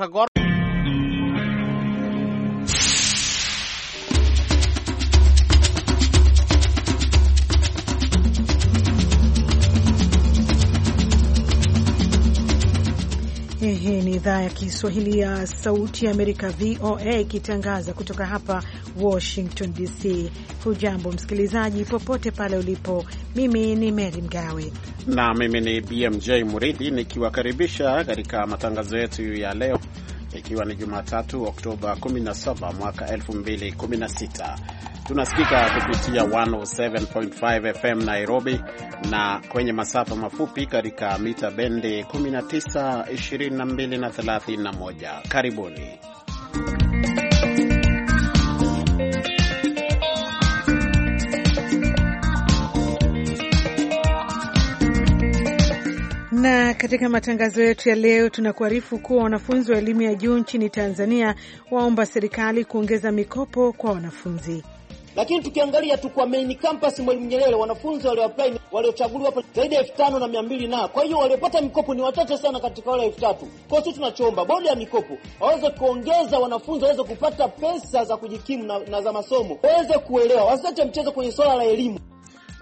Agora hii ni idhaa ya Kiswahili ya Sauti ya Amerika, VOA, ikitangaza kutoka hapa Washington DC. Hujambo msikilizaji, popote pale ulipo. Mimi ni mery Mgawe na mimi ni BMJ Muridhi nikiwakaribisha katika matangazo yetu ya leo ikiwa ni Jumatatu Oktoba 17 mwaka 2016. Tunasikika kupitia 107.5 FM Nairobi na kwenye masafa mafupi katika mita bendi 19, 22 na 31. Karibuni. Na katika matangazo yetu ya leo tunakuarifu kuwa wanafunzi wa elimu ya juu nchini Tanzania waomba serikali kuongeza mikopo kwa wanafunzi. Lakini tukiangalia tu kwa main campus Mwalimu Nyerere, wanafunzi walioapply waliochaguliwa hapo zaidi ya elfu tano na mia mbili na kwa hiyo waliopata mikopo ni wachache sana katika wale elfu tatu. Kwa hiyo tunachoomba bodi ya mikopo waweze kuongeza wanafunzi waweze kupata pesa za kujikimu na, na za masomo waweze kuelewa, wasiache mchezo kwenye swala la elimu.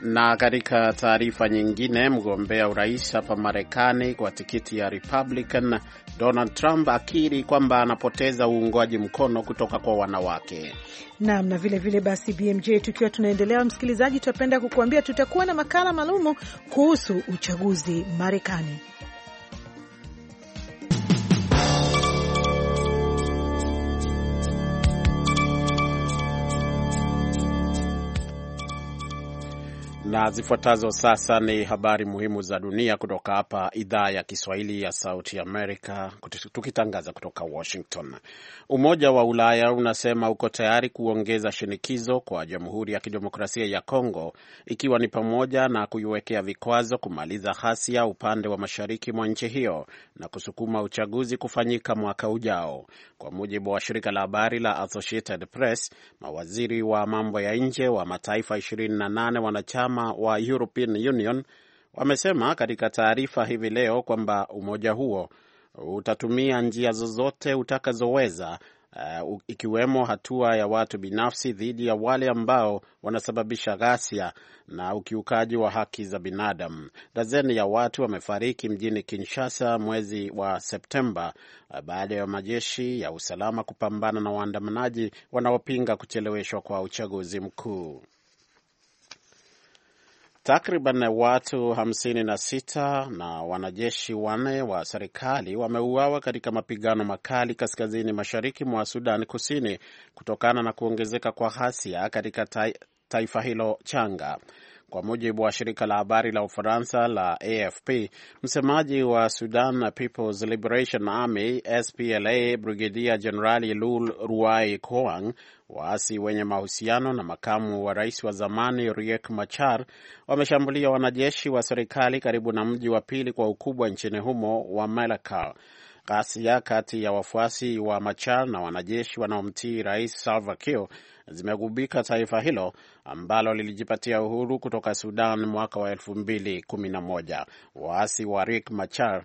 Na katika taarifa nyingine, mgombea urais hapa Marekani kwa tikiti ya Republican Donald Trump akiri kwamba anapoteza uungwaji mkono kutoka kwa wanawake. Naam, na vile vile basi, BMJ, tukiwa tunaendelea, msikilizaji, tunapenda kukuambia tutakuwa na makala maalumu kuhusu uchaguzi Marekani. Na zifuatazo sasa ni habari muhimu za dunia kutoka hapa idhaa ya Kiswahili ya Sauti Amerika, tukitangaza kutoka Washington. Umoja wa Ulaya unasema uko tayari kuongeza shinikizo kwa Jamhuri ya Kidemokrasia ya Kongo, ikiwa ni pamoja na kuiwekea vikwazo, kumaliza ghasia upande wa mashariki mwa nchi hiyo na kusukuma uchaguzi kufanyika mwaka ujao. Kwa mujibu wa shirika la habari la Associated Press, mawaziri wa mambo ya nje wa mataifa 28 wanachama usalama wa European Union wamesema katika taarifa hivi leo kwamba umoja huo utatumia njia zozote utakazoweza uh, ikiwemo hatua ya watu binafsi dhidi ya wale ambao wanasababisha ghasia na ukiukaji wa haki za binadamu. Dazeni ya watu wamefariki mjini Kinshasa mwezi wa Septemba uh, baada ya majeshi ya usalama kupambana na waandamanaji wanaopinga kucheleweshwa kwa uchaguzi mkuu. Takriban watu 56 na wanajeshi wanne wa serikali wameuawa katika mapigano makali kaskazini mashariki mwa Sudan Kusini kutokana na kuongezeka kwa ghasia katika taifa hilo changa. Kwa mujibu wa shirika la habari la Ufaransa la AFP, msemaji wa Sudan People's Liberation Army SPLA, Brigedia Jenerali Lul Ruai Koang, waasi wenye mahusiano na makamu wa rais wa zamani Riek Machar wameshambulia wanajeshi wa serikali karibu na mji wa pili kwa ukubwa nchini humo wa Malakal Ghasia kati ya wafuasi wa Machar na wanajeshi wanaomtii rais Salva Kiir zimegubika taifa hilo ambalo lilijipatia uhuru kutoka Sudan mwaka wa 2011. Waasi wa Riek Machar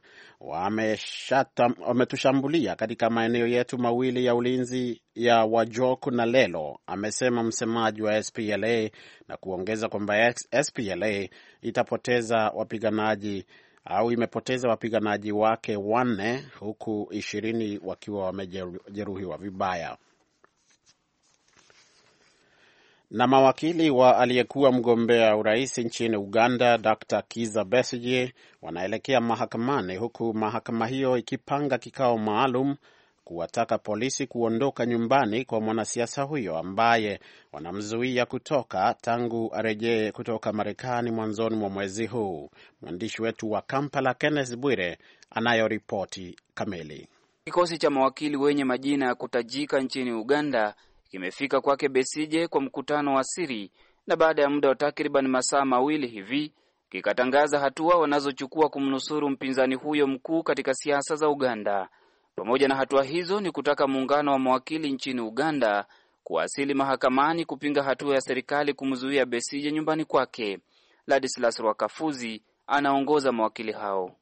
wametushambulia katika maeneo yetu mawili ya ulinzi ya Wajok na Lelo, amesema msemaji wa SPLA na kuongeza kwamba SPLA itapoteza wapiganaji au imepoteza wapiganaji wake wanne huku ishirini wakiwa wamejeruhiwa vibaya. Na mawakili wa aliyekuwa mgombea urais nchini Uganda Dr. Kiza Besigye wanaelekea mahakamani huku mahakama hiyo ikipanga kikao maalum kuwataka polisi kuondoka nyumbani kwa mwanasiasa huyo ambaye wanamzuia kutoka tangu arejee kutoka Marekani mwanzoni mwa mwezi huu. Mwandishi wetu wa Kampala, Kenneth Bwire, anayoripoti kamili. Kikosi cha mawakili wenye majina ya kutajika nchini Uganda kimefika kwake Besije kwa mkutano wa siri, na baada ya muda wa takriban masaa mawili hivi kikatangaza hatua wanazochukua kumnusuru mpinzani huyo mkuu katika siasa za Uganda. Pamoja na hatua hizo ni kutaka muungano wa mawakili nchini Uganda kuwasili mahakamani kupinga hatua ya serikali kumzuia besije nyumbani kwake. Ladislas Rwakafuzi anaongoza mawakili hao.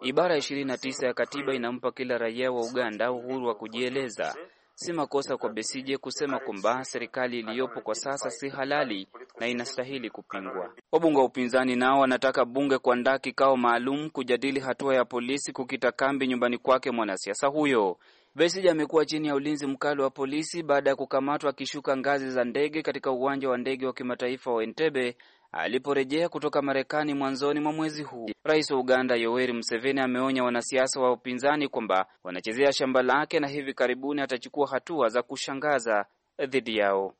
Ibara 29 ya katiba inampa kila raia wa Uganda uhuru wa kujieleza Si makosa kwa Besije kusema kwamba serikali iliyopo kwa sasa si halali na inastahili kupingwa. Wabunge wa upinzani nao wanataka bunge kuandaa kikao maalum kujadili hatua ya polisi kukita kambi nyumbani kwake mwanasiasa huyo. Besije amekuwa chini ya ulinzi mkali wa polisi baada ya kukamatwa akishuka ngazi za ndege katika uwanja wa ndege wa kimataifa wa Entebbe aliporejea kutoka Marekani mwanzoni mwa mwezi huu. Rais wa Uganda Yoweri Museveni ameonya wanasiasa wa upinzani kwamba wanachezea shamba lake na hivi karibuni atachukua hatua za kushangaza dhidi yao.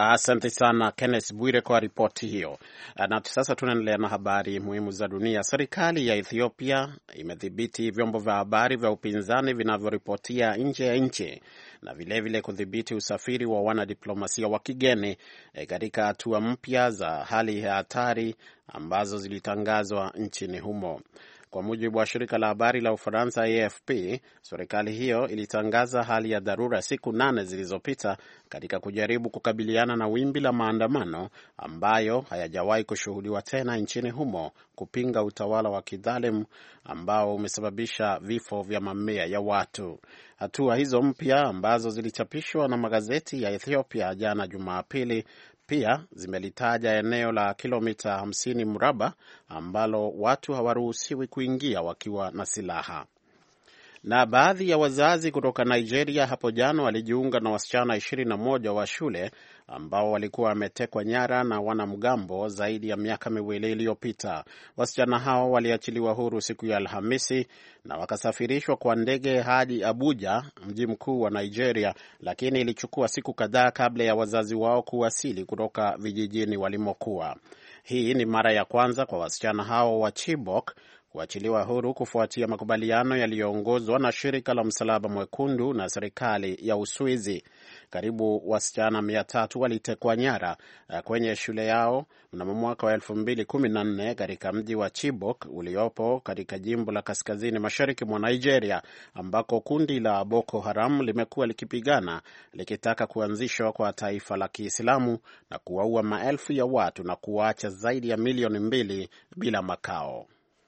Asante sana Kenneth Bwire kwa ripoti hiyo. Ah, na sasa tunaendelea na habari muhimu za dunia. Serikali ya Ethiopia imedhibiti vyombo vya habari vya upinzani vinavyoripotia nje ya nchi na vilevile kudhibiti usafiri wa wanadiplomasia wa kigeni eh, katika hatua mpya za hali ya hatari ambazo zilitangazwa nchini humo. Kwa mujibu wa shirika la habari la Ufaransa AFP, serikali hiyo ilitangaza hali ya dharura siku nane zilizopita katika kujaribu kukabiliana na wimbi la maandamano ambayo hayajawahi kushuhudiwa tena nchini humo kupinga utawala wa kidhalimu ambao umesababisha vifo vya mamia ya watu. Hatua hizo mpya ambazo zilichapishwa na magazeti ya Ethiopia jana Jumapili pia zimelitaja eneo la kilomita 50 mraba ambalo watu hawaruhusiwi kuingia wakiwa na silaha. Na baadhi ya wazazi kutoka Nigeria hapo jana walijiunga na wasichana 21 wa shule ambao walikuwa wametekwa nyara na wanamgambo zaidi ya miaka miwili iliyopita. Wasichana hao waliachiliwa huru siku ya Alhamisi na wakasafirishwa kwa ndege hadi Abuja, mji mkuu wa Nigeria, lakini ilichukua siku kadhaa kabla ya wazazi wao kuwasili kutoka vijijini walimokuwa. Hii ni mara ya kwanza kwa wasichana hao wa Chibok kuachiliwa huru kufuatia makubaliano yaliyoongozwa na shirika la Msalaba Mwekundu na serikali ya Uswizi. Karibu wasichana mia tatu walitekwa nyara eh, kwenye shule yao mnamo mwaka wa elfu mbili kumi na nne katika mji wa Chibok uliopo katika jimbo la kaskazini mashariki mwa Nigeria, ambako kundi la Boko Haram limekuwa likipigana likitaka kuanzishwa kwa taifa la Kiislamu na kuwaua maelfu ya watu na kuwaacha zaidi ya milioni mbili bila makao.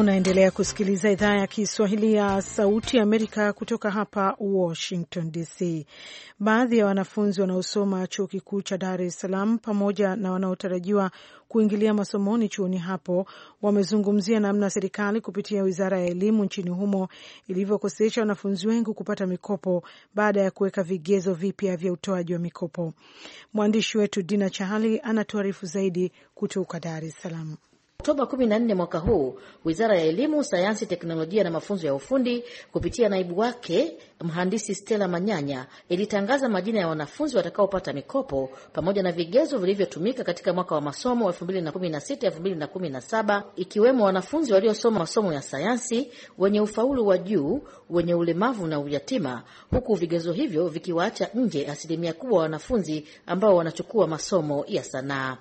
Unaendelea kusikiliza idhaa ya Kiswahili ya Sauti ya Amerika kutoka hapa Washington DC. Baadhi ya wanafunzi wanaosoma chuo kikuu cha Dar es Salaam pamoja na wanaotarajiwa kuingilia masomoni chuoni hapo wamezungumzia namna serikali kupitia wizara ya elimu nchini humo ilivyokosesha wanafunzi wengi kupata mikopo baada ya kuweka vigezo vipya vya utoaji wa mikopo. Mwandishi wetu Dina Chahali anatuarifu zaidi kutoka Dar es Salaam. Oktoba 14 mwaka huu, Wizara ya Elimu, Sayansi, Teknolojia na Mafunzo ya Ufundi kupitia naibu wake Mhandisi Stella Manyanya ilitangaza majina ya wanafunzi watakaopata mikopo pamoja na vigezo vilivyotumika katika mwaka wa masomo 2016-2017 ikiwemo wanafunzi waliosoma masomo ya sayansi, wenye ufaulu wa juu, wenye ulemavu na uyatima, huku vigezo hivyo vikiwaacha nje asilimia kubwa wanafunzi ambao wanachukua masomo ya sanaa.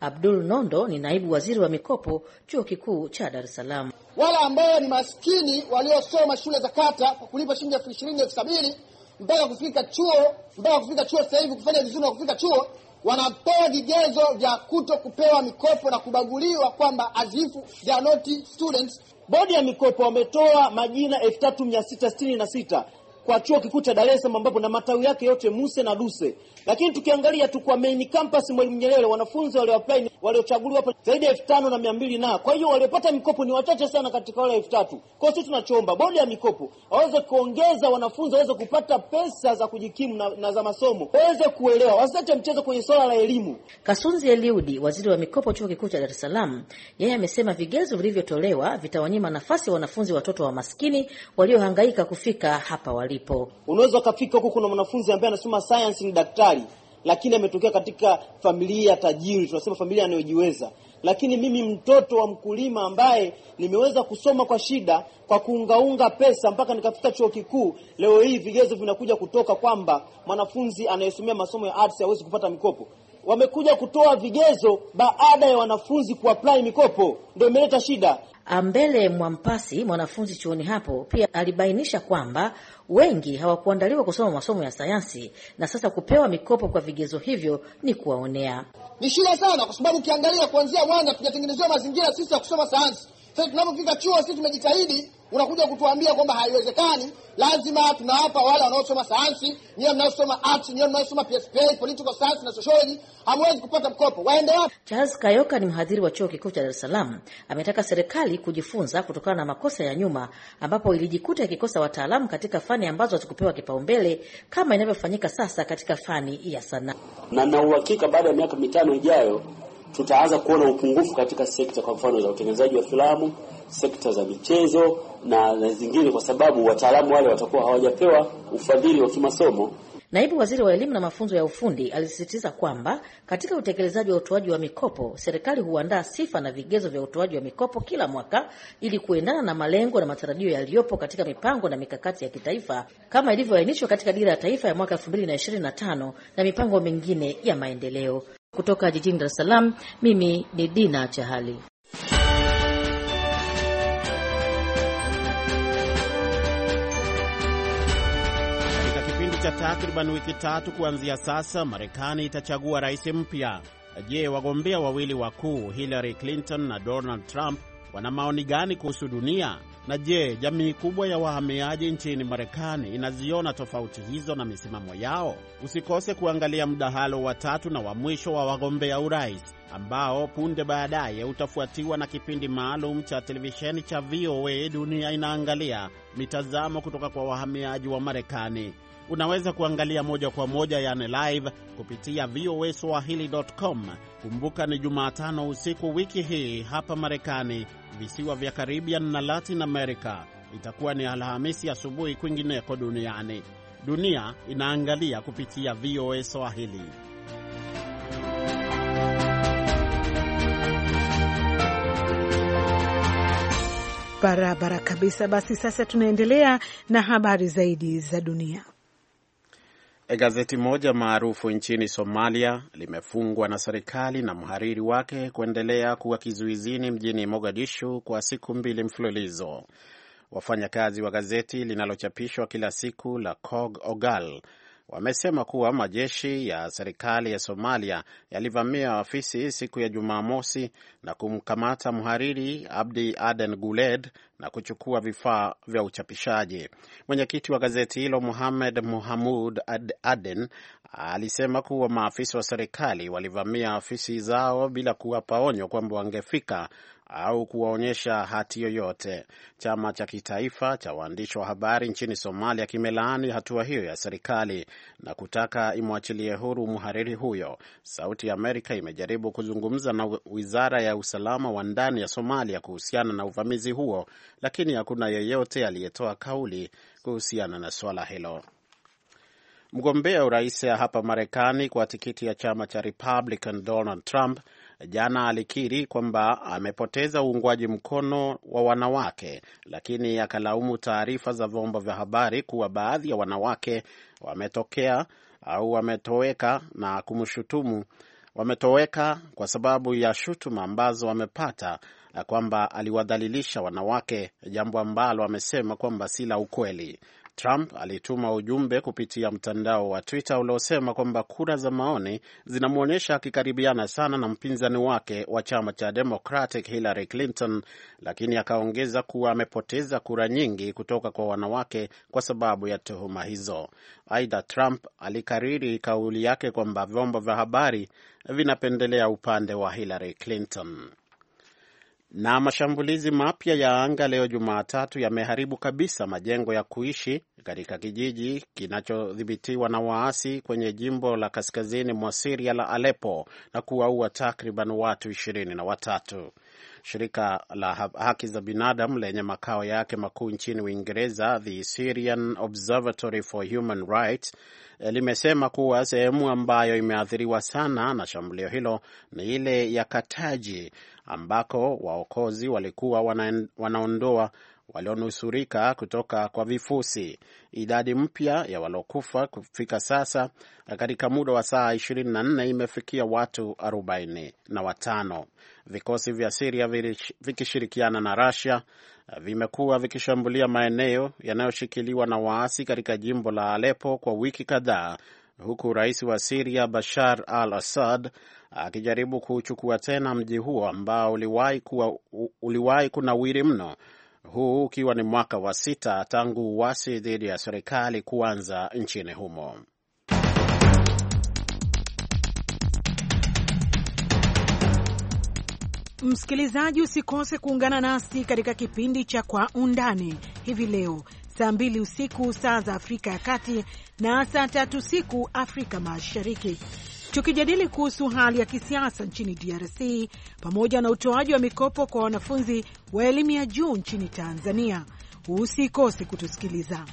Abdul Nondo ni naibu waziri wa mikopo chuo kikuu cha Dar es Salaam. Wale ambao ni maskini waliosoma shule za kata kwa kulipa shilingi elfu ishirini elfu sabini mpaka kufika chuo mpaka kufika chuo sasa hivi kufanya vizuri na kufika chuo wanapewa vigezo vya kuto kupewa mikopo na kubaguliwa kwamba azifu they are not students. Bodi ya mikopo wametoa majina elfu tatu mia sita sitini na sita kwa chuo kikuu cha Dar es Salaam ambapo na matawi yake yote Muse na Duse. Lakini tukiangalia tu kwa main campus Mwalimu Nyerere, wanafunzi wale apply waliochaguliwa hapo zaidi ya elfu tano na mia mbili na kwa hiyo waliopata mikopo ni wachache sana katika wale elfu tatu. Kwa hiyo sisi tunachoomba bodi ya mikopo waweze kuongeza wanafunzi waweze kupata pesa za kujikimu na, na za masomo, waweze kuelewa, wasiache mchezo kwenye swala la elimu. Kasunzi Eliudi, waziri wa mikopo chuo kikuu cha Dar es Salaam, yeye amesema vigezo vilivyotolewa vitawanyima nafasi wanafunzi watoto wa maskini waliohangaika kufika hapa wali walipo. Unaweza ukafika huko, kuna mwanafunzi ambaye anasoma science, ni daktari, lakini ametokea katika familia tajiri, tunasema familia anayojiweza. Lakini mimi mtoto wa mkulima ambaye nimeweza kusoma kwa shida, kwa kuungaunga pesa mpaka nikafika chuo kikuu, leo hii vigezo vinakuja kutoka kwamba mwanafunzi anayesomea masomo ya arts hawezi kupata mikopo wamekuja kutoa vigezo baada ya wanafunzi kuapply mikopo, ndio imeleta shida. Ambele ah, Mwampasi, mwanafunzi chuoni hapo, pia alibainisha kwamba wengi hawakuandaliwa kusoma masomo ya sayansi na sasa kupewa mikopo kwa vigezo hivyo ni kuwaonea. Ni shida sana, kwa sababu ukiangalia kuanzia mwanza tujatengenezewa mazingira sisi ya kusoma sayansi. Sasa tunapofika chuo, sisi tumejitahidi unakuja kutuambia kwamba haiwezekani. Lazima tunawapa wale wanaosoma sayansi, nyiwe mnaosoma arts, nyiwe mnaosoma PSP, political science na sociology, hamwezi kupata mkopo, waende wapi? Charles Kayoka ni mhadhiri wa chuo kikuu cha Dar es Salaam, ametaka serikali kujifunza kutokana na makosa ya nyuma, ambapo ilijikuta ikikosa wataalamu katika fani ambazo hazikupewa kipaumbele kama inavyofanyika sasa katika fani ya sanaa, na na uhakika baada ya miaka mitano ijayo tutaanza kuona upungufu katika sekta, kwa mfano za utengenezaji wa filamu, sekta za michezo na, na zingine, kwa sababu wataalamu wale watakuwa hawajapewa ufadhili wa kimasomo. Naibu Waziri wa Elimu na Mafunzo ya Ufundi alisisitiza kwamba katika utekelezaji wa utoaji wa mikopo, serikali huandaa sifa na vigezo vya utoaji wa mikopo kila mwaka ili kuendana na malengo na matarajio yaliyopo katika mipango na mikakati ya kitaifa kama ilivyoainishwa katika Dira ya Taifa ya mwaka 2025 na mipango mingine ya maendeleo. Kutoka jijini Dar es Salaam, mimi ni Dina Chahali. Katika kipindi cha takriban wiki tatu kuanzia sasa, Marekani itachagua rais mpya. Je, wagombea wawili wakuu Hillary Clinton na Donald Trump wana maoni gani kuhusu dunia? Na je, jamii kubwa ya wahamiaji nchini Marekani inaziona tofauti hizo na misimamo yao? Usikose kuangalia mdahalo wa tatu na wa mwisho wa wagombea urais ambao punde baadaye utafuatiwa na kipindi maalum cha televisheni cha VOA Dunia Inaangalia, mitazamo kutoka kwa wahamiaji wa Marekani. Unaweza kuangalia moja kwa moja, yani live, kupitia voaswahili.com Kumbuka ni Jumatano usiku wiki hii hapa Marekani, visiwa vya karibian na Latin America itakuwa ni Alhamisi asubuhi kwingineko duniani. Dunia inaangalia kupitia VOA Swahili. Barabara kabisa. Basi sasa tunaendelea na habari zaidi za dunia. Gazeti moja maarufu nchini Somalia limefungwa na serikali na mhariri wake kuendelea kuwa kizuizini mjini Mogadishu kwa siku mbili mfululizo. Wafanyakazi wa gazeti linalochapishwa kila siku la cog Ogal wamesema kuwa majeshi ya serikali ya Somalia yalivamia ofisi siku ya Jumamosi na kumkamata mhariri Abdi Aden Guled na kuchukua vifaa vya uchapishaji. Mwenyekiti wa gazeti hilo Muhamed Muhamud Aden alisema kuwa maafisa wa serikali walivamia ofisi zao bila kuwapa onyo kwamba wangefika au kuwaonyesha hati yoyote. Chama cha kitaifa cha waandishi wa habari nchini Somalia kimelaani hatua hiyo ya serikali na kutaka imwachilie huru mhariri huyo. Sauti ya Amerika imejaribu kuzungumza na wizara ya usalama wa ndani ya Somalia kuhusiana na uvamizi huo, lakini hakuna yeyote aliyetoa kauli kuhusiana na swala hilo. Mgombea urais hapa Marekani kwa tikiti ya chama cha Republican Donald Trump jana alikiri kwamba amepoteza uungwaji mkono wa wanawake, lakini akalaumu taarifa za vyombo vya habari kuwa baadhi ya wanawake wametokea au wametoweka na kumshutumu wametoweka kwa sababu ya shutuma ambazo wamepata kwamba aliwadhalilisha wanawake, jambo ambalo amesema kwamba si la ukweli. Trump alituma ujumbe kupitia mtandao wa Twitter uliosema kwamba kura za maoni zinamwonyesha akikaribiana sana na mpinzani wake wa chama cha Democratic Hillary Clinton, lakini akaongeza kuwa amepoteza kura nyingi kutoka kwa wanawake kwa sababu ya tuhuma hizo. Aidha, Trump alikariri kauli yake kwamba vyombo vya habari vinapendelea upande wa Hillary Clinton. Na mashambulizi mapya ya anga leo Jumatatu yameharibu kabisa majengo ya kuishi katika kijiji kinachodhibitiwa na waasi kwenye jimbo la kaskazini mwa Siria la alepo na kuwaua takriban watu ishirini na watatu. Shirika la haki za binadamu lenye makao yake makuu nchini Uingereza, The Syrian Observatory for Human Rights, eh, limesema kuwa sehemu ambayo imeathiriwa sana na shambulio hilo ni ile ya Kataji ambako waokozi walikuwa wanaondoa walionusurika kutoka kwa vifusi. Idadi mpya ya waliokufa kufika sasa eh, katika muda wa saa 24 imefikia watu 45. na watano. Vikosi vya Siria vikishirikiana na rasia eh, vimekuwa vikishambulia maeneo yanayoshikiliwa na waasi katika jimbo la alepo kwa wiki kadhaa huku rais wa Siria Bashar al Assad akijaribu kuchukua tena mji huo ambao uliwahi uliwahi kunawiri mno, huu ukiwa ni mwaka wa sita tangu uasi dhidi ya serikali kuanza nchini humo. Msikilizaji, usikose kuungana nasi katika kipindi cha Kwa Undani hivi leo saa mbili usiku saa za Afrika ya Kati na saa tatu usiku Afrika Mashariki, tukijadili kuhusu hali ya kisiasa nchini DRC pamoja na utoaji wa mikopo kwa wanafunzi wa elimu ya juu nchini Tanzania. Usikose kutusikiliza.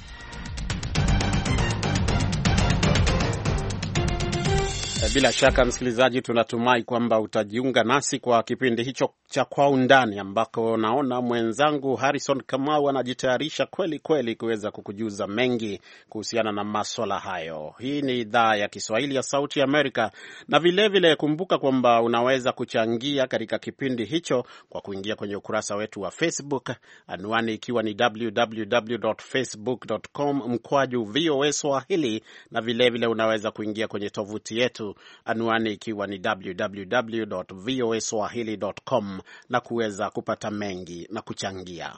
Eh, bila shaka msikilizaji, tunatumai kwamba utajiunga nasi kwa kipindi hicho cha Kwa Undani, ambako naona mwenzangu Harrison Kamau anajitayarisha kweli kweli kuweza kukujuza mengi kuhusiana na maswala hayo. Hii ni idhaa ya Kiswahili ya Sauti Amerika, na vilevile vile kumbuka kwamba unaweza kuchangia katika kipindi hicho kwa kuingia kwenye ukurasa wetu wa Facebook, anwani ikiwa ni www.facebook.com mkwaju VOA Swahili, na vilevile vile unaweza kuingia kwenye tovuti yetu anuani anwani ikiwa ni www voa swahili com, na kuweza kupata mengi na kuchangia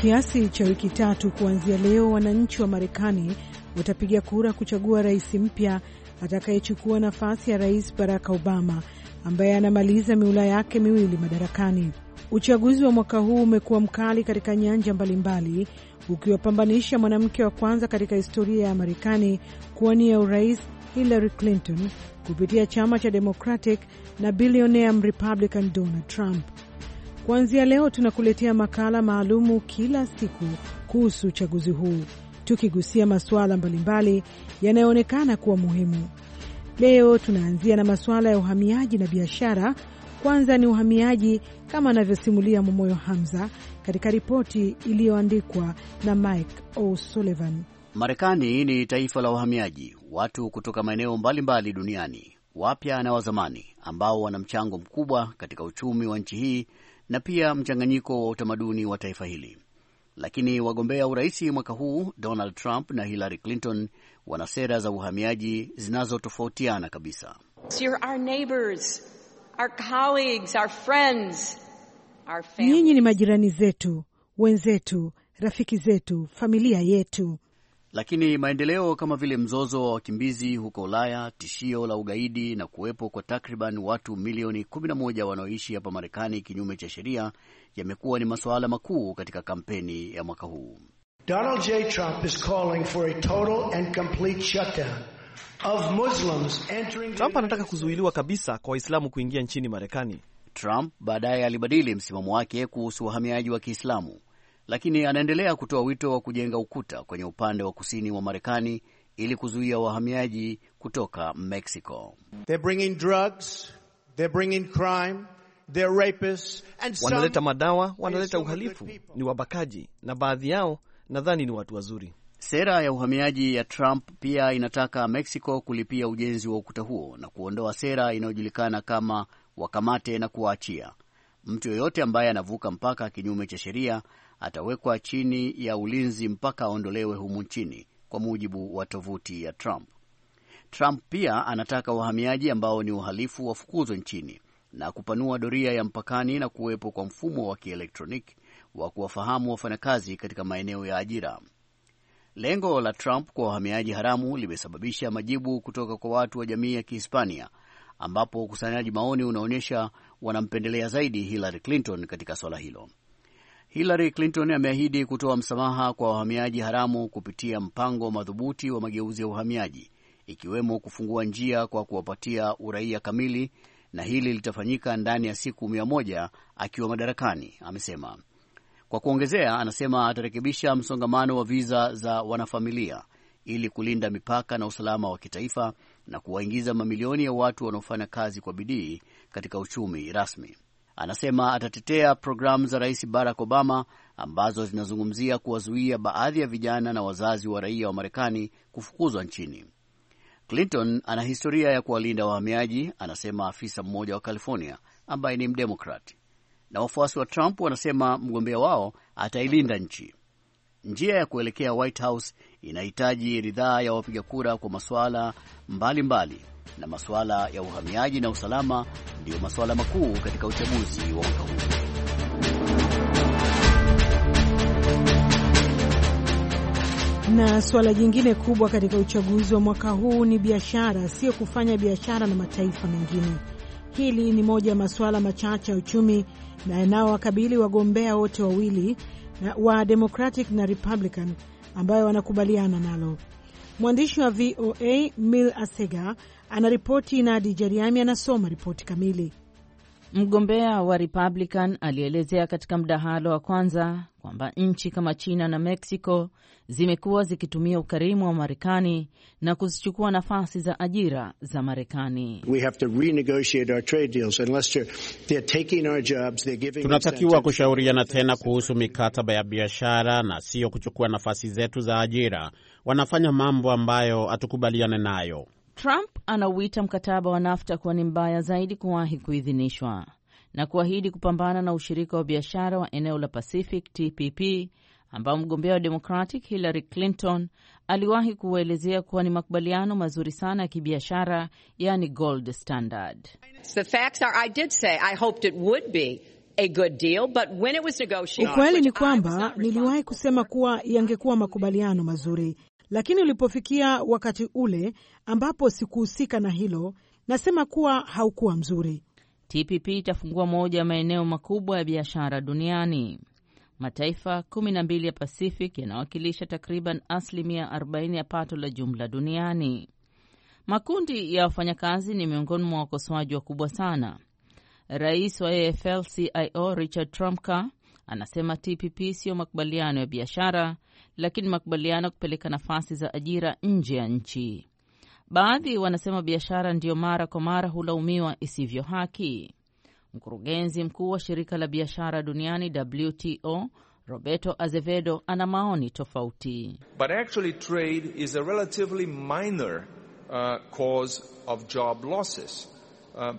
Kiasi cha wiki tatu kuanzia leo, wananchi wa Marekani watapiga kura kuchagua rais mpya atakayechukua nafasi ya Rais Barack Obama ambaye anamaliza miula yake miwili madarakani. Uchaguzi wa mwaka huu umekuwa mkali katika nyanja mbalimbali, ukiwapambanisha mwanamke wa kwanza katika historia ya Marekani kuwania urais Hillary Clinton kupitia chama cha Democratic na bilionea Mrepublican Donald Trump. Kuanzia leo tunakuletea makala maalumu kila siku kuhusu uchaguzi huu tukigusia masuala mbalimbali yanayoonekana kuwa muhimu. Leo tunaanzia na masuala ya uhamiaji na biashara kwanza ni uhamiaji, kama anavyosimulia Momoyo Hamza katika ripoti iliyoandikwa na Mike O'Sullivan. Marekani ni taifa la uhamiaji, watu kutoka maeneo mbalimbali duniani, wapya na wazamani, ambao wana mchango mkubwa katika uchumi wa nchi hii na pia mchanganyiko wa utamaduni wa taifa hili. Lakini wagombea urais mwaka huu Donald Trump na Hillary Clinton wana sera za uhamiaji zinazotofautiana kabisa our colleagues, our friends, our family. Nyinyi ni majirani zetu, wenzetu, rafiki zetu, familia yetu. Lakini maendeleo kama vile mzozo wa wakimbizi huko Ulaya, tishio la ugaidi na kuwepo kwa takriban watu milioni 11 wanaoishi hapa Marekani kinyume cha sheria yamekuwa ni masuala makuu katika kampeni ya mwaka huu. Donald J. Trump is calling for a total and complete shutdown Trump anataka kuzuiliwa kabisa kwa Waislamu kuingia nchini Marekani. Trump baadaye alibadili msimamo wake kuhusu wahamiaji wa Kiislamu, lakini anaendelea kutoa wito wa kujenga ukuta kwenye upande wa kusini wa Marekani ili kuzuia wahamiaji kutoka Mexico. Wanaleta madawa, wanaleta uhalifu, ni wabakaji, na baadhi yao nadhani ni watu wazuri. Sera ya uhamiaji ya Trump pia inataka Mexico kulipia ujenzi wa ukuta huo na kuondoa sera inayojulikana kama wakamate na kuwaachia. Mtu yoyote ambaye anavuka mpaka kinyume cha sheria atawekwa chini ya ulinzi mpaka aondolewe humu nchini, kwa mujibu wa tovuti ya Trump. Trump pia anataka wahamiaji ambao ni uhalifu wafukuzwe nchini na kupanua doria ya mpakani na kuwepo kwa mfumo wa kielektroniki wa kuwafahamu wafanyakazi katika maeneo ya ajira. Lengo la Trump kwa wahamiaji haramu limesababisha majibu kutoka kwa watu wa jamii ya Kihispania, ambapo ukusanyaji maoni unaonyesha wanampendelea zaidi Hillary Clinton katika swala hilo. Hillary Clinton ameahidi kutoa msamaha kwa wahamiaji haramu kupitia mpango madhubuti wa mageuzi ya uhamiaji, ikiwemo kufungua njia kwa kuwapatia uraia kamili, na hili litafanyika ndani ya siku mia moja akiwa madarakani, amesema. Kwa kuongezea, anasema atarekebisha msongamano wa viza za wanafamilia ili kulinda mipaka na usalama wa kitaifa na kuwaingiza mamilioni ya watu wanaofanya kazi kwa bidii katika uchumi rasmi. Anasema atatetea programu za Rais Barack Obama ambazo zinazungumzia kuwazuia baadhi ya vijana na wazazi wa raia wa Marekani kufukuzwa nchini. Clinton ana historia ya kuwalinda wahamiaji, anasema afisa mmoja wa California ambaye ni Mdemokrat na wafuasi wa Trump wanasema mgombea wao atailinda nchi. Njia ya kuelekea White House inahitaji ridhaa ya wapiga kura kwa masuala mbalimbali, na masuala ya uhamiaji na usalama ndiyo masuala makuu katika uchaguzi wa mwaka huu. Na suala jingine kubwa katika uchaguzi wa mwaka huu ni biashara, sio kufanya biashara na mataifa mengine. Hili ni moja ya masuala machache ya uchumi na yanayowakabili wagombea wote wawili wa Democratic na Republican ambayo wanakubaliana nalo. Mwandishi wa VOA Mil Asega anaripoti na Dijariami Jeriami anasoma ripoti kamili. Mgombea wa Republican alielezea katika mdahalo wa kwanza kwamba nchi kama China na Mexico zimekuwa zikitumia ukarimu wa Marekani na kuzichukua nafasi za ajira za Marekani. Tunatakiwa kushauriana tena kuhusu mikataba ya biashara na sio kuchukua nafasi zetu za ajira. Wanafanya mambo ambayo hatukubaliane nayo. Trump anauita mkataba wa NAFTA kuwa ni mbaya zaidi kuwahi kuidhinishwa na kuahidi kupambana na ushirika wa biashara wa eneo la Pacific TPP ambao mgombea wa Democratic Hillary Clinton aliwahi kuwaelezea kuwa ni makubaliano mazuri sana ya kibiashara, yani gold standard. Ukweli ni kwamba niliwahi kusema kuwa yangekuwa makubaliano mazuri lakini ulipofikia wakati ule ambapo sikuhusika na hilo, nasema kuwa haukuwa mzuri. TPP itafungua moja ya maeneo makubwa ya biashara duniani. Mataifa 12 ya Pacific yanawakilisha takriban asilimia 40 ya pato la jumla duniani. Makundi ya wafanyakazi ni miongoni mwa wakosoaji wakubwa sana. Rais wa AFL-CIO Richard Trumka anasema TPP siyo makubaliano ya biashara, lakini makubaliano kupeleka nafasi za ajira nje ya nchi. Baadhi wanasema biashara ndiyo mara kwa mara hulaumiwa isivyo haki. Mkurugenzi mkuu wa shirika la biashara duniani WTO Roberto Azevedo ana maoni tofauti. But actually trade is a relatively minor, uh, cause of job losses.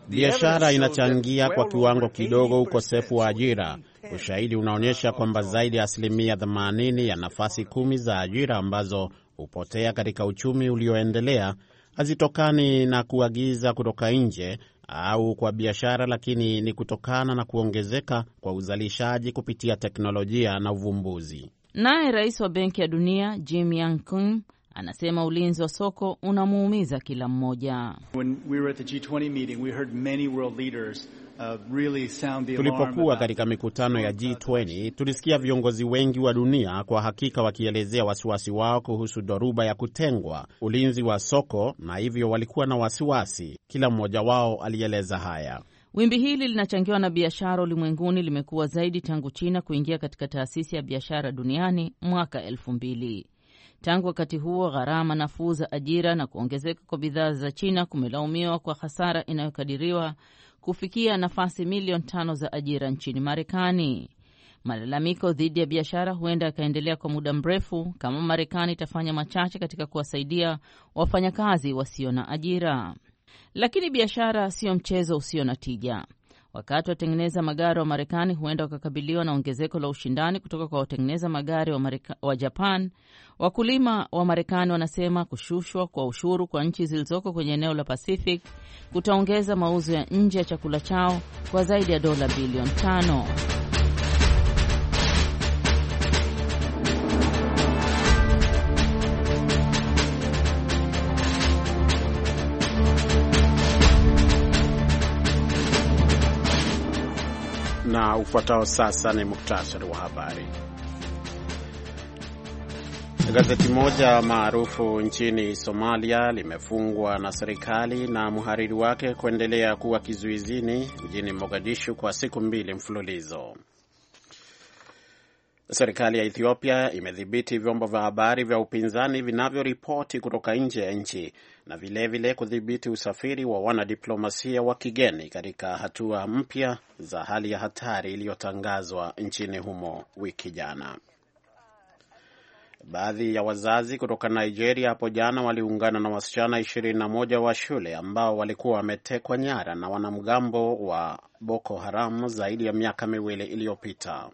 Biashara inachangia kwa kiwango kidogo ukosefu wa ajira. Ushahidi unaonyesha kwamba zaidi ya uh, asilimia 80 ya nafasi kumi za ajira ambazo hupotea katika uchumi ulioendelea hazitokani na kuagiza kutoka nje au kwa biashara, lakini ni kutokana na kuongezeka kwa uzalishaji kupitia teknolojia na uvumbuzi. Naye rais wa Benki ya Dunia Jim Yang Anasema ulinzi wa soko unamuumiza kila mmoja. Uh, Tulipokuwa katika mikutano ya G20 tulisikia viongozi wengi wa dunia kwa hakika wakielezea wasiwasi wao kuhusu dhoruba ya kutengwa, ulinzi wa soko, na hivyo walikuwa na wasiwasi. Kila mmoja wao alieleza haya. Wimbi hili linachangiwa na biashara ulimwenguni, limekuwa zaidi tangu China kuingia katika taasisi ya biashara duniani mwaka elfu mbili. Tangu wakati huo, gharama nafuu za ajira na kuongezeka kwa bidhaa za China kumelaumiwa kwa hasara inayokadiriwa kufikia nafasi milioni tano za ajira nchini Marekani. Malalamiko dhidi ya biashara huenda yakaendelea kwa muda mrefu kama Marekani itafanya machache katika kuwasaidia wafanyakazi wasio na ajira. Lakini biashara siyo mchezo usio na tija. Wakati watengeneza magari wa Marekani huenda wakakabiliwa na ongezeko la ushindani kutoka kwa watengeneza magari wa, Marika, wa Japan, wakulima wa Marekani wanasema kushushwa kwa ushuru kwa nchi zilizoko kwenye eneo la Pacific kutaongeza mauzo ya nje ya chakula chao kwa zaidi ya dola bilioni tano. na ufuatao sasa ni muktasari wa habari. Gazeti moja maarufu nchini Somalia limefungwa na serikali na mhariri wake kuendelea kuwa kizuizini mjini Mogadishu kwa siku mbili mfululizo. Serikali ya Ethiopia imedhibiti vyombo vya habari vya upinzani vinavyoripoti kutoka nje ya nchi na vilevile kudhibiti usafiri wa wanadiplomasia wa kigeni katika hatua mpya za hali ya hatari iliyotangazwa nchini humo wiki jana. Baadhi ya wazazi kutoka Nigeria hapo jana waliungana na wasichana 21 wa shule ambao walikuwa wametekwa nyara na wanamgambo wa Boko Haram zaidi ya miaka miwili iliyopita.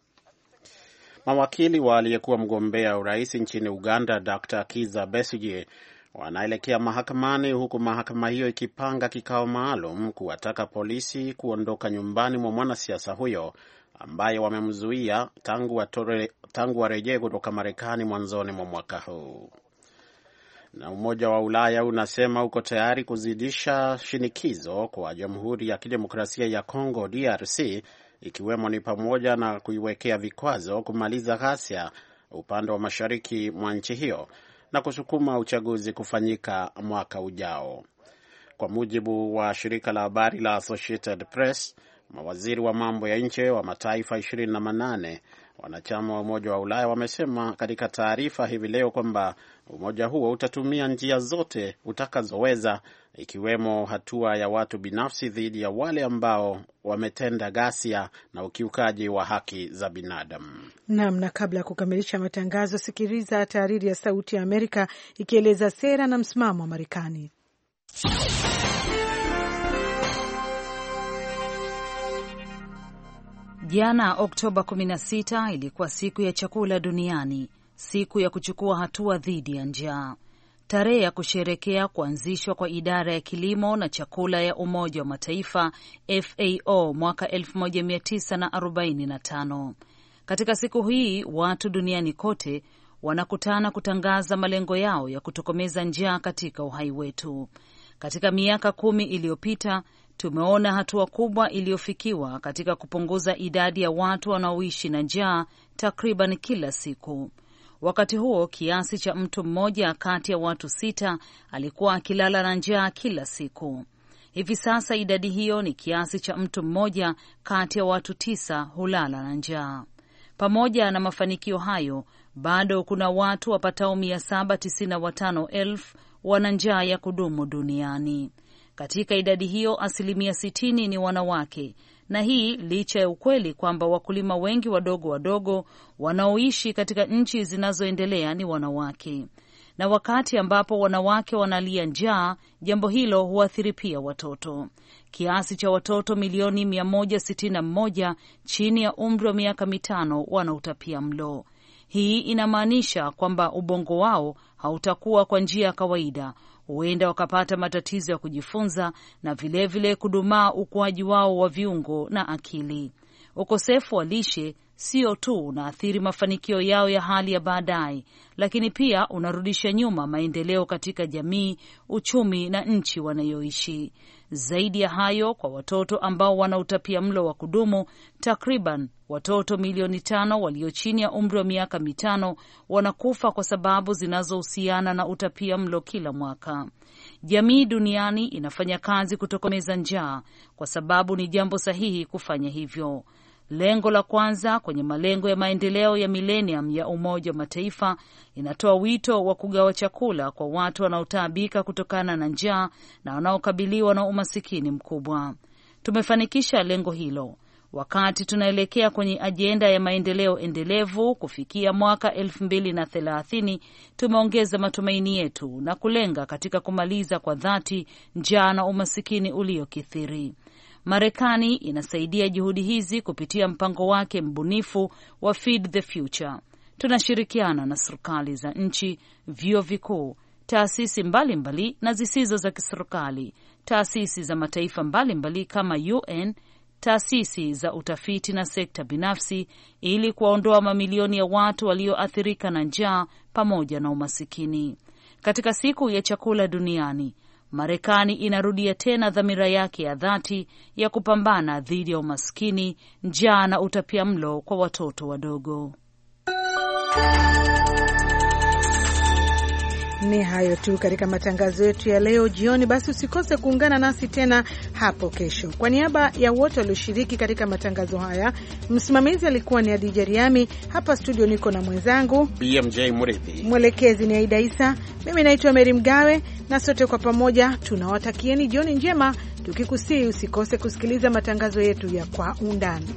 Mawakili wa aliyekuwa mgombea urais nchini Uganda Dr. Kiza Besigye wanaelekea mahakamani huku mahakama hiyo ikipanga kikao maalum kuwataka polisi kuondoka nyumbani mwa mwanasiasa huyo ambaye wamemzuia tangu warejee wa kutoka Marekani mwanzoni mwa mwaka huu. Na Umoja wa Ulaya unasema uko tayari kuzidisha shinikizo kwa Jamhuri ya Kidemokrasia ya Kongo DRC ikiwemo ni pamoja na kuiwekea vikwazo kumaliza ghasia upande wa mashariki mwa nchi hiyo na kusukuma uchaguzi kufanyika mwaka ujao. Kwa mujibu wa shirika la habari la Associated Press, mawaziri wa mambo ya nje wa mataifa Wanachama wa Umoja wa Ulaya wamesema katika taarifa hivi leo kwamba umoja huo utatumia njia zote utakazoweza, ikiwemo hatua ya watu binafsi dhidi ya wale ambao wametenda ghasia na ukiukaji wa haki za binadamu. Naam, na kabla ya kukamilisha matangazo, sikiliza tahariri ya Sauti ya Amerika ikieleza sera na msimamo wa Marekani. Jana Oktoba 16 ilikuwa siku ya chakula duniani, siku ya kuchukua hatua dhidi ya njaa, tarehe ya kusherekea kuanzishwa kwa idara ya kilimo na chakula ya Umoja wa Mataifa FAO mwaka 1945. Katika siku hii watu duniani kote wanakutana kutangaza malengo yao ya kutokomeza njaa katika uhai wetu. Katika miaka kumi iliyopita tumeona hatua kubwa iliyofikiwa katika kupunguza idadi ya watu wanaoishi na njaa takriban kila siku. Wakati huo kiasi cha mtu mmoja kati ya watu sita alikuwa akilala na njaa kila siku. Hivi sasa idadi hiyo ni kiasi cha mtu mmoja kati ya watu tisa hulala na njaa. Pamoja na mafanikio hayo, bado kuna watu wapatao 795,000 wana njaa ya kudumu duniani. Katika idadi hiyo asilimia 60 ni wanawake, na hii licha ya ukweli kwamba wakulima wengi wadogo wadogo wanaoishi katika nchi zinazoendelea ni wanawake. Na wakati ambapo wanawake wanalia njaa, jambo hilo huathiri pia watoto. Kiasi cha watoto milioni 161 chini ya umri wa miaka mitano wana utapia mlo. Hii inamaanisha kwamba ubongo wao hautakuwa kwa njia ya kawaida, huenda wakapata matatizo ya kujifunza na vilevile vile kudumaa ukuaji wao wa viungo na akili. Ukosefu wa lishe sio tu unaathiri mafanikio yao ya hali ya baadaye, lakini pia unarudisha nyuma maendeleo katika jamii, uchumi na nchi wanayoishi. Zaidi ya hayo, kwa watoto ambao wana utapia mlo wa kudumu, takriban watoto milioni tano walio chini ya umri wa miaka mitano wanakufa kwa sababu zinazohusiana na utapia mlo kila mwaka. Jamii duniani inafanya kazi kutokomeza njaa, kwa sababu ni jambo sahihi kufanya hivyo. Lengo la kwanza kwenye malengo ya maendeleo ya milenium ya Umoja wa Mataifa inatoa wito wa kugawa chakula kwa watu wanaotaabika kutokana na njaa na wanaokabiliwa na umasikini mkubwa. Tumefanikisha lengo hilo wakati tunaelekea kwenye ajenda ya maendeleo endelevu kufikia mwaka elfu mbili na thelathini, tumeongeza matumaini yetu na kulenga katika kumaliza kwa dhati njaa na umasikini uliokithiri. Marekani inasaidia juhudi hizi kupitia mpango wake mbunifu wa Feed the Future. Tunashirikiana na serikali za nchi, vyuo vikuu, taasisi mbalimbali mbali na zisizo za kiserikali, taasisi za mataifa mbalimbali mbali kama UN, taasisi za utafiti na sekta binafsi ili kuwaondoa mamilioni ya watu walioathirika na njaa pamoja na umasikini. Katika siku ya chakula duniani, Marekani inarudia tena dhamira yake ya dhati ya kupambana dhidi ya umaskini, njaa na utapia mlo kwa watoto wadogo. Ni hayo tu katika matangazo yetu ya leo jioni. Basi usikose kuungana nasi tena hapo kesho. Kwa niaba ya wote walioshiriki katika matangazo haya, msimamizi alikuwa ni Adija Riami. Hapa studio niko na mwenzangu BMJ Murithi, mwelekezi ni Aida Isa, mimi naitwa Meri Mgawe, na sote kwa pamoja tunawatakieni jioni njema, tukikusihi usikose kusikiliza matangazo yetu ya Kwa Undani.